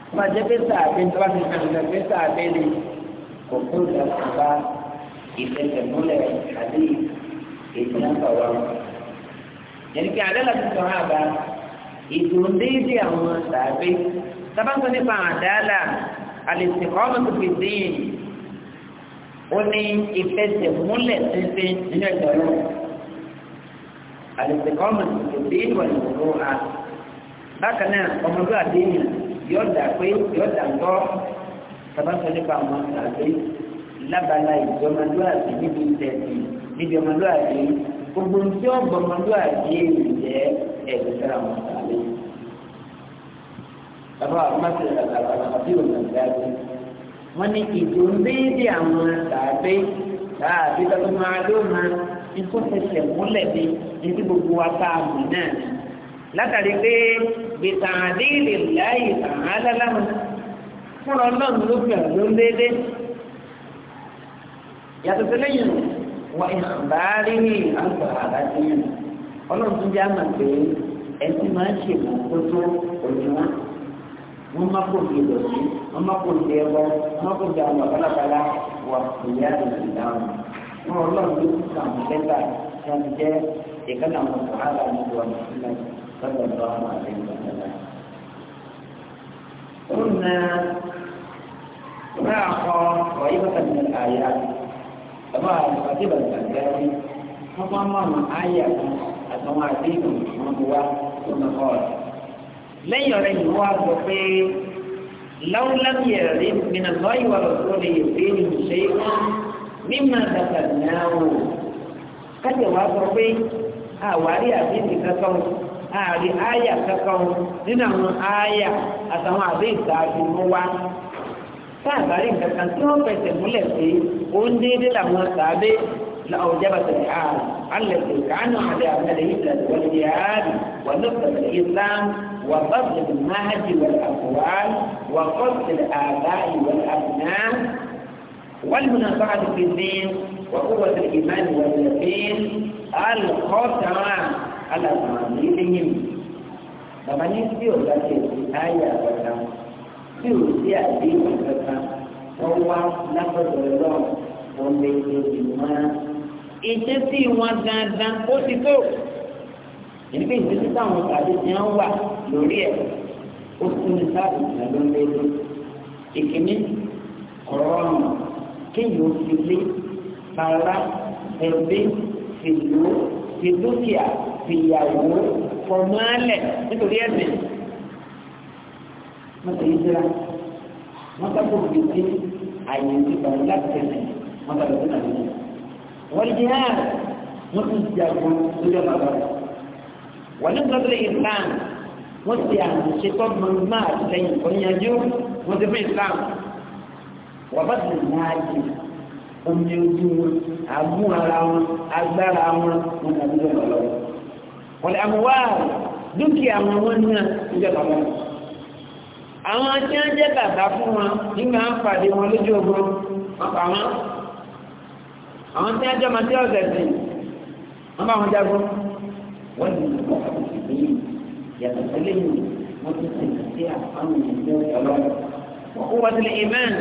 [SPEAKER 1] tọ́ba jẹ́ pé sàbẹ tọ́ba tẹ̀lé sọ pé sàbẹ lè kò tó ìdàgbàsá ìfẹsẹ̀múlẹ̀ àbí ètò ìyàtọ̀ wa. yẹn kí alẹ́ láti sọ àbá ìdùndéédé àwọn sàbẹ sábàtọ nípa àdáàlà al-istiqamatu fi din ó ní ìfẹsẹ̀múlẹ̀ títí nínú ẹgbẹ́ náà al-istiqamatu fi din wà ní ìlú a bákan náà ọmọdé àdéhùn yóò dà pé yóò dà ń gbọ́ sábàtọ nípa àwọn sàbẹ lábala ìjọmọdé àti níbi tẹ̀sí níbi ọmọdé àdéhùn gbogbo tí ó gbọmọdé àyè ìjẹ ẹgbẹ sára wọn sàlẹ. bàbá àbúmọ̀tò ìdàgbàgbà àbí òǹdàgbàgbà wọn ní ìdò ń déédéé àwọn sàbẹ sàbẹ tó máa ló máa ikú fẹsẹ̀ múlẹ̀ ní ibi gbogbo wa tá a mọ̀ náà látàrí pé bìtàdé lè láyè tàn án lálámù fúnra náà ló fi àdó ń déédéé yàtọ̀ sí lẹ́yìn wọ ìbáàrí ní àgbà àbájẹ́yìn ọlọ́run tún já mà pé ẹtí máa ń ṣe kókó tó òní wọn wọn má kó di ìdọ̀tí wọn má kó di ẹbọ wọn má kó di àwọn balabala wà ìyá ìlú dáhùn wọn ọlọ́run ló kú kà wọn lẹ́gbà tí wọn jẹ́ ìkànnì àwọn sàhárà níbi wọn sílẹ̀ lọ́dọ̀ lọ́wọ́ àwọn àlejò ìgbàlá. قلنا ما أخاف وعيبة من الآيات bàbá àti bàbá àgbáyé wọn bá mọ àwọn àyà kan àtàwọn àdéhùn wọn bó wá tó nà kọ́ ọ̀rọ̀. lẹ́yìn ọ̀rẹ́ yìí wọ́n á sọ pé láwùláwù yẹ̀rẹ̀ rí mìíràn lọ́ ìwà lọ́sọ̀rọ̀ lè yẹ̀ ní ìṣe mímọ dàgbà náà wò. kájọ sọ pé àwárí àdéhùn kankan àrí àyà kankan nínú àwọn àyà àtàwọn àdéhùn tá a wá. sáàbàrí nǹkan tí wọ́n fẹsẹ̀ múlẹ̀ sí òun déédé làwọn sàábé láwọn jábà tẹ̀lé ààrùn alẹ́sẹ̀ kánú àti àbẹ̀lẹ̀ ìtàn wọlé ààrùn wà lọ́sọ̀rọ̀ islam wà bàbá máàjì wà àbúwá wà kọ́sìlẹ̀ àbá ìwà àbùná والمنافعة في الدين وقوة الإيمان واليقين الخطرة على تعليمهم. طبعا يسير لكن آية tí ò sí àdéhùn kankan wọ́n wá lápẹ̀tọ̀ lọ́wọ́ wọ́n lè lè mọ́. ìṣe tí wọn dandan ó ti tó ìdíbí ìdíbí táwọn tàbí ti ń wà lórí ẹ̀ ó tún ní sáàbù ìdánilóńgbé ìkíní ọ̀rọ̀ ọ̀nà kéèyàn ó fi lé para ẹbí fìlú fìdúkìá fìyàwó fọmọ́lẹ̀ nítorí ẹ̀sìn. wọ́n ti yí wọ́n sábà fi sí àyè ìgbà láti tẹ̀lé wọ́n sábà fi nàlẹ́ yìí. wọ́n di hàn wọ́n ti àgbo lórí ọ̀nà ọ̀rọ̀. wọ́n ní sọ́dọ̀ islam wọ́n ti àṣẹ tó mọ̀ọ́mọ́ àtìlẹ́yìn kọ́nyájú wọ́n ti fún islam. wọ́n bá ti náà jì omi ojú wọn àmú ara wọn agbára wọn wọn nàbí lọ́wọ́. wọ́n lè àmúwá dúkìá wọn wọn náà ń jẹ́ àwọn tí wọ́n jẹ́ bàbá fún wọn nígbà ń pàdé wọn lójú ogun ọ̀pá wọn àwọn tí wọ́n jẹ́ ọmọdé ọ̀sẹ̀ sí wọ́n bá wọn jagun wọ́n lè lọ́wọ́ àwọn ìṣẹ̀lẹ̀ yàtọ̀ sílẹ̀ yìí wọ́n ti sèkà sí àwọn ìṣẹ̀lẹ̀ ọlọ́run wọ́n kó wọ́n ti lè imán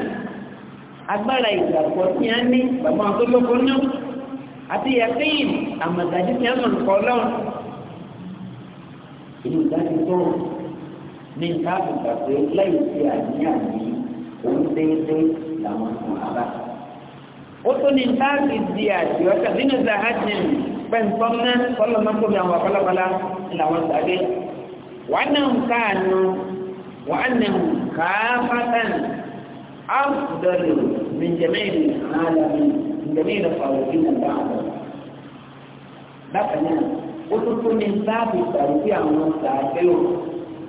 [SPEAKER 1] agbára ìgbàgbọ́ tí wọ́n ní bàbá wọn tó lóko náà àti yàtẹ̀yìn àmọ̀dájú tí wọ́n mọ̀ nǹkan ọlọ́run ìlú ìdájú tó wọn ní káàbù gbàgbé lẹ́yìn tí àníyàn yìí òun déédéé làwọn kan ara. ó tún ní káàbù di àti ọjà nínú zahajin pẹ̀ntọ́n náà kọ́lọ̀ máa ń tóbi àwọn àbálàbálà làwọn sáré. wàá nà ń káànù wàá nà ń káàfàtàn áfùdọ́lù mìjẹ̀mẹ́rin àlàmì mìjẹ̀mẹ́rin fàwọ̀kì nàbà àwọn. bákan náà ó tún tún ní káàbù gbàgbé àwọn sáré lòun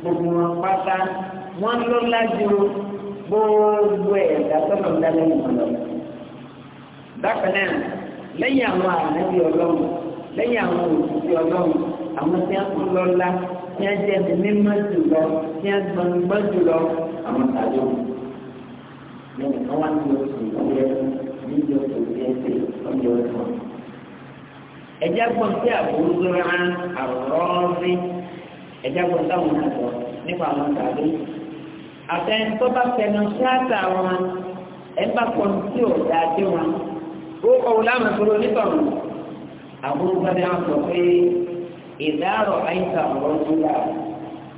[SPEAKER 1] gbogbo wọn pátá wọn ló lájú gbogbo ẹ̀dá tọ́nà ńlẹ́lẹ́ ìmọ̀lọ́. bákan náà lẹ́yìn àwọn ànábì ọlọ́run lẹ́yìn àwọn òṣìṣẹ́ ọlọ́run àwọn tí wọ́n kú lọ́lá tí wọ́n jẹ́ ẹni mímọ́ jùlọ tí wọ́n gbọ́ngbọ́ jùlọ àwọn tàbí òun. lẹ́yìn kan wá ní oṣù ìgbẹ́ níbi oṣù ìgbẹ́ ẹ̀jẹ̀ gbọ̀n sí àbúrò rán àrọ́ọ́rí ẹ̀já gbọ́n táwọn náà sọ nípa àwọn tàbí àtẹn tó bá fẹnu ṣáàtà wọn ẹ̀ bá pọ̀ tí ò dáadé wọn ó kọ̀wé láwọn ìṣòro onítọ̀hún àwọn olùgbàdì àwọn sọ pé ìdárò àyíká ọ̀rọ̀ tó yà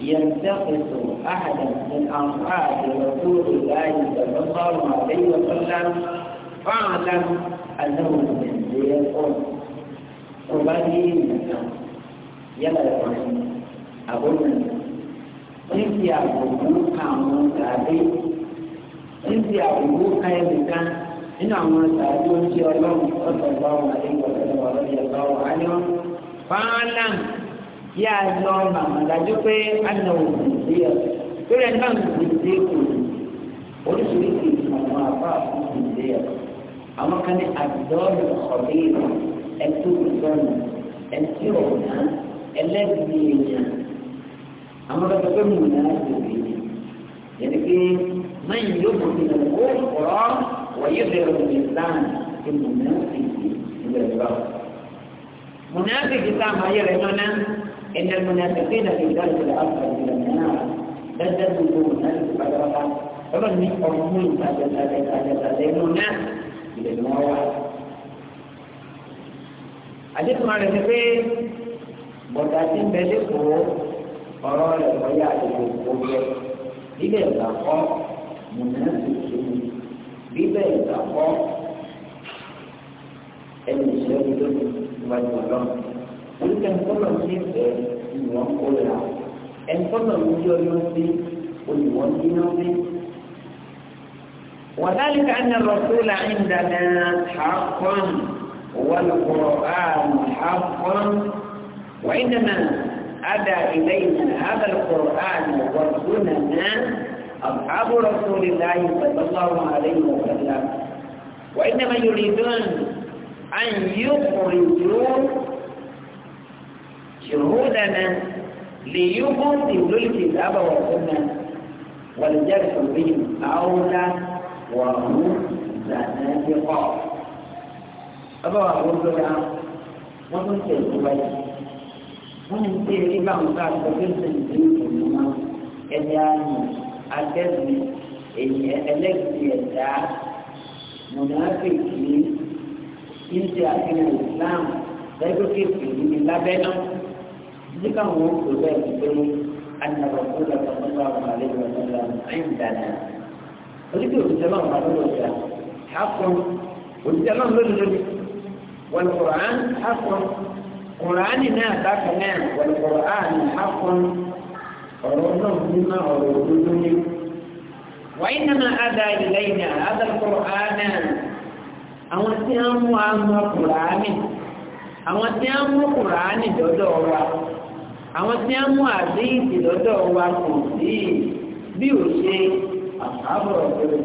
[SPEAKER 1] yẹn tẹ́kẹ̀tọ̀ àhàdà ní àwọn àdìrò tó lè láàyè ìgbàgbọ́ sọ́ọ̀rọ̀ àbẹ́yẹ ọ̀tọ́lá fáwọn lánà àdáwò nàìjíríà pọ̀ ọba ní ìlú yálà ìwọ̀n àbọ̀nà níbi àbùkù ka àwọn tàbí níbi àbùkù ka ẹnìkan nínú àwọn tàbí oúnjẹ ọlọ́run ọ̀sọ̀gbà ọmọ àdéhùn ọ̀sọ̀gbà ọlọ́run ọ̀sọ̀gbà ọmọ àdéhùn fáánà yí a lọ màmá dájú pé a nà òkú sí ọ lórí ẹni náà kò sí èkó oríṣiríṣi àwọn àbá àkókò sí ọ àwọn kan ní àdọ́ọ̀lù ọ̀bí ẹ̀tọ́ ìgbọ́nù ẹ̀tí ọ̀nà ẹlẹ́gbẹ̀ẹ́ àwọn tó tẹ́tẹ́ mú ní láti rí i yẹn pé mẹ́yìn yóò mọ̀ sí ìlú kó ọ̀rọ̀ wọ̀nyí bẹ̀rẹ̀ òní láàánú tó mú ní láti rí i bẹ̀rẹ̀ bá. منافق كما يرى هنا إن المنافقين في ذلك الأفضل إلى النار تجددوا منافق فجرها فمن يقومون فجد ذلك فجد منافق إلى النار أجد ما رأيك بوتاتين بيجي ìyá àdúgbò gbogbo ẹ̀ bíbẹ̀ ìgbà kọ́ mùnàfíìsì ni bíbẹ̀ ìgbà kọ́ ẹni ìṣẹ́jú lónìí ìwájú ọlọ́run orúkọ ẹ̀ńtọ́nà ní ìfẹ́ ìwọ̀n kórìíra ẹ̀ńtọ́nà ní ìjọ yóò sí olùwọ́n dínà sí. وذلك أن الرسول عندنا حق والقرآن حق وعندنا أدى إلينا هذا القرآن والسنن أصحاب رسول الله صلى الله عليه وسلم وإنما يريدون أن يخرجوا شهودنا ليبطلوا الكتاب والسنة والجرح بهم أولى وهم زنادقة أبا أقول لك ومن تلك wọ́n ní pé nígbà wọn ká sọ pé ṣe ìdí ìdí wọn ẹni àánú atẹ́sí ẹlẹ́gbẹ̀ẹ́ ẹ̀dá mọ̀nàfẹ́kì ìṣe àfihàn Islam lẹ́gbẹ́ kékeré ní lábẹ́nà ní káwọn ó pè bẹ́ẹ̀ pé anàbàkú làbàkú làwọn àlejò ọ̀nà àyìn dáná. oníkè òṣìṣẹ́ náà wà lórí ọjà àkọ́ òṣìṣẹ́ náà lórí lórí wọ́n kọ̀ án àkọ́. kùránì náà dákan náà pẹ̀lú ààrùn àkọ́n ọ̀rọ̀ náà mímọ́ ọ̀rọ̀ òdodo ni. wàyí nana ada ilẹ̀ ìdá ada kùránì àwọn tí wọ́n mú àmọ́ kùránì àwọn tí wọ́n mú kùránì dọ́dọ̀ wa àwọn tí mú dọ́dọ̀ wa kò sí bí ò ṣe dáhùn ọ̀dọ́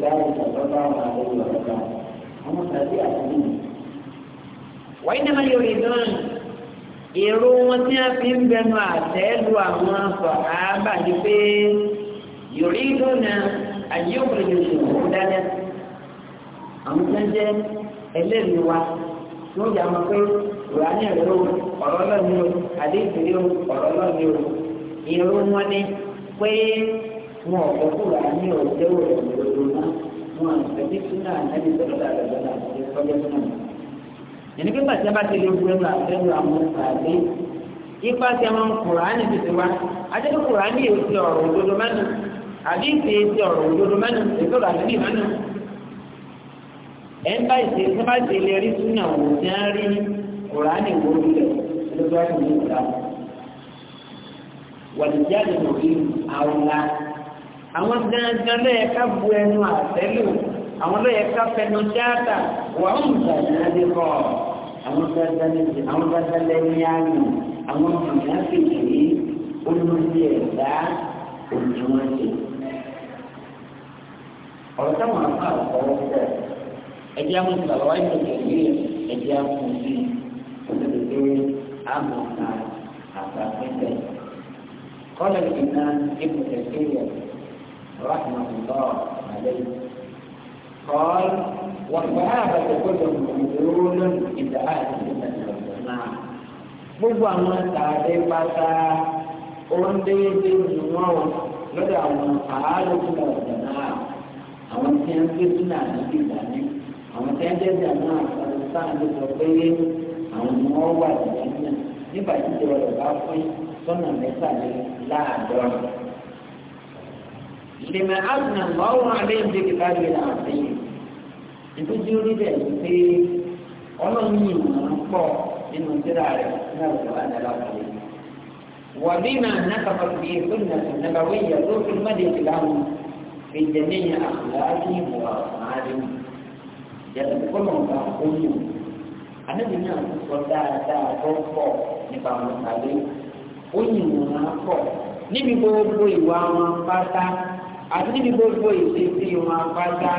[SPEAKER 1] náà. ìró wọn tí wọ́n fi ń bẹnu àtẹ́ lu àwọn sọ̀hábà ni pé yòrí lónà àyè òkèlè dáná àwọn tó ń jẹ ẹlẹ́rìí wa tó ń wọn pé ìwádìí ẹ̀rọ ọ̀rọ̀ lọ́ni o àdéhùn ọ̀rọ̀ o wọn ni pé wọn ò kọ́kọ́ wọn àti ẹ̀dínkù náà ẹni tó lọ́dà lọ́dà yẹnni pé pàṣẹ bá ti lè wú ẹrù àtẹrù àwọn ìpàdé ipa tí a máa ń kùránì tètè wá adékò kùránì èsì ọ̀rọ̀ òdodo mẹ́nu àbí ìsè èsì ọ̀rọ̀ òdodo mẹ́nu èsì ọ̀rọ̀ àbíbí mẹ́nu. ẹ̀ ń bá ìsè tí wọ́n bá ti lè rí súnà wò ní á rí kùránì wò lulẹ̀ lọ́jọ́ ìlú ìgbà. wàlìjáde ló rí àwòlá àwọn dandan lẹ́yìn ká bu ẹnu àtẹ́lù àwọn lẹ́yìn ká fẹnu dáàtà wàhùn ìgbà àwọn dáadáa lẹ́yìn àwọn dáadáa lẹ́yìn àná àwọn ìdáfẹ̀kì olórí ẹ̀dá òní wọn ṣe. ọ̀rọ̀ táwọn afọ àkọ́wọ́ pọ̀ ẹ̀jẹ̀ àwọn ìgbàlọ́ wáyé ìgbàlọ́ yìí ẹ̀jẹ̀ àwọn òbí òṣèlú pé àmọ̀ náà àbáfẹ́fẹ́. kọ́lẹ̀ ìgbìmọ̀ ìbùsẹ̀ kéèyàn rahmatulah alayhi. قال والصحابة كلهم يدرون إذا أهل السنة والجماعة gbogbo àwọn tààdé pátá ohun déédéé ni wọn ò lọ́dọ̀ àwọn àárò tó lọ ọdọ náà àwọn tí wọn gbé sínú àdúgbò dání àwọn tí wọn jẹjẹ àwọn àtàwọn sáà ló sọ pé àwọn ni wọn wà lẹ́yìn náà nígbà tí ìjọba rẹ bá pín sọ́nà mẹ́tàléláàádọ́rin. lèmi àgbọn ìtọ́jú orí bẹ́ẹ̀ ni pé ọlọ́run yìí mọ̀ ń pọ̀ nínú ìdíra rẹ̀ ní àwùjọ àdàlàkùnrin. وبما نطقت به السنة النبوية ذو في المدح لهم في جميع أخلاقهم وأفعالهم yàtọ̀ kọ́nà ọ̀gá oyún anábì náà sọ dáadáa tó pọ̀ nípa àwọn ìpàdé oyún wọn á pọ̀ níbi gbogbo ìwà wọn pátá àti níbi gbogbo ìṣesí wọn pátá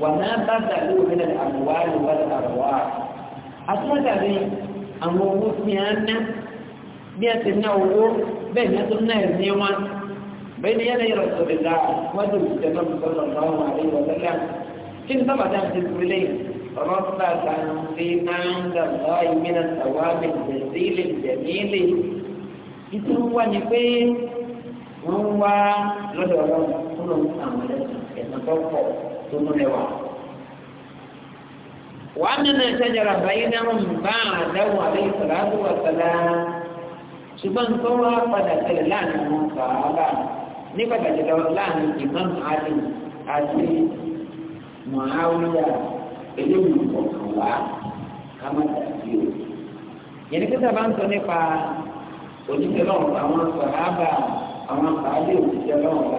[SPEAKER 1] وما بذلوا من الأموال والأرواح أصلا ذلك أمور مثيانا بيتنا أمور بينتنا اليوم بين يدي رسول الله ودل الجنب صلى الله عليه وسلم كن طبعا تنزل إليه ربك فيما عند الله من الثواب الجزيل الجميل ìtúwà ni pé wọ́n wá lọ́dọ̀ ọlọ́run fún àwọn ẹ̀sìn ẹ̀sìn tó pọ̀ tó mú mẹ́wàá. wàá nínú ìṣẹ́jára báyìí náà ń bá àdáwọ̀ àlẹ́ ìsàlátù wàsálà ṣùgbọ́n tó wá padà tẹ̀lé láàrin wọn sàábà ní pàtàkì lọ láàrin Imam Ali àti Muawiya eléyìí kọ̀ọ̀kan wá ká má dàbí o. yẹn ní kíkà bá ń sọ nípa òṣìṣẹ́ lọ́wọ́ àwọn sàábà àwọn sàábà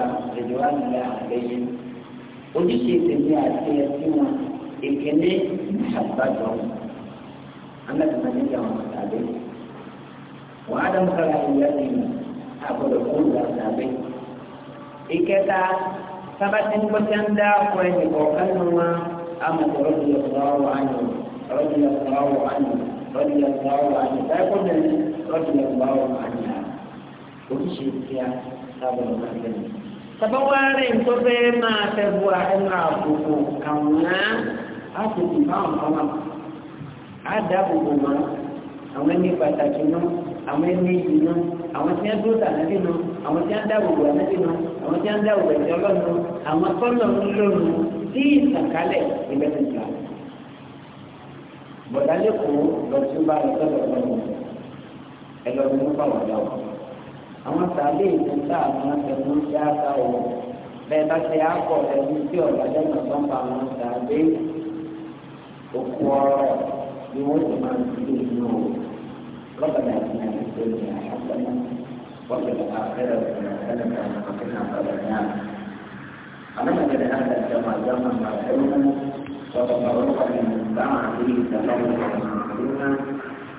[SPEAKER 1] ojúṣe tèmi àti ẹtí wọn èkéné àgbàjọ alágbèmọ̀lẹ́yà wọn tàbí wọn ádámùkàrà ìyá tèmi àgbọ̀dọ̀ fún ìgbà tàbí. ìkẹta sábàtì ń gbọ́ sẹ́ńdá ọkọ̀ ẹ̀jẹ̀ kọ̀ọ̀kan ní wọn amọ̀tọ̀rọ̀ ti lọ sọ̀rọ̀ wọ àná rọ́ọ̀dì lọ sọ̀rọ̀ wọ àná rọ́ọ̀dì lọ sọ̀rọ̀ wọ àná táìpọ̀ nìyẹn rọ́ọ̀dì lọ sọ̀rọ̀ wọ àná ojúṣe tí a sábà lọ́kàn lẹ́nu tabawari tó fẹ́ máa fẹ́ búra ẹnu àbùkù kàwùnà àbùkù báwọn ọmọ á dá àbùkù mọ́ àwọn ẹni pàtàkì náà àwọn ẹni ìlú náà àwọn tí wọ́n dúró tànàbí náà àwọn tí wọ́n dá àbùkù ànábì náà àwọn tí wọ́n dá àbùkù ẹ̀jẹ̀ ọlọ́run àwọn kọ́nà ńlọrun tí ìsàkálẹ̀ ìbẹ̀rẹ̀ ìgbà. bọ̀dá lẹ́kọ̀ọ́ lọ sí bá ẹ̀sọ́ lọ́wọ́ ẹ̀lọ́run ló bá wà dáwọ̀. àwọn sàlẹ̀ ìdúntà àwọn ẹ̀mú ṣáàtà ò bẹ́ẹ̀ bá ṣe àpọ̀ ẹ̀mú tí ọ̀gá dẹ́nà tó ń pa àwọn sàlẹ̀ òkú ọ̀rọ̀ ni wọ́n ti máa ń fi inú o lọ́kàdà àti àti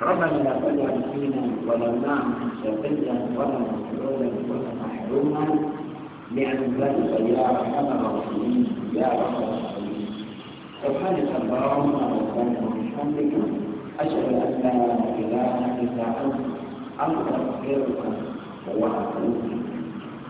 [SPEAKER 1] ربنا لا تدع فينا ولا نعمة شقيا ولا مسرولا ولا محروما لأن ذلك يا أرحم الراحمين يا رب الرحيم سبحانك اللهم ربنا وبحمدك أشهد أن لا إله إلا أنت أستغفرك وأتوب إليك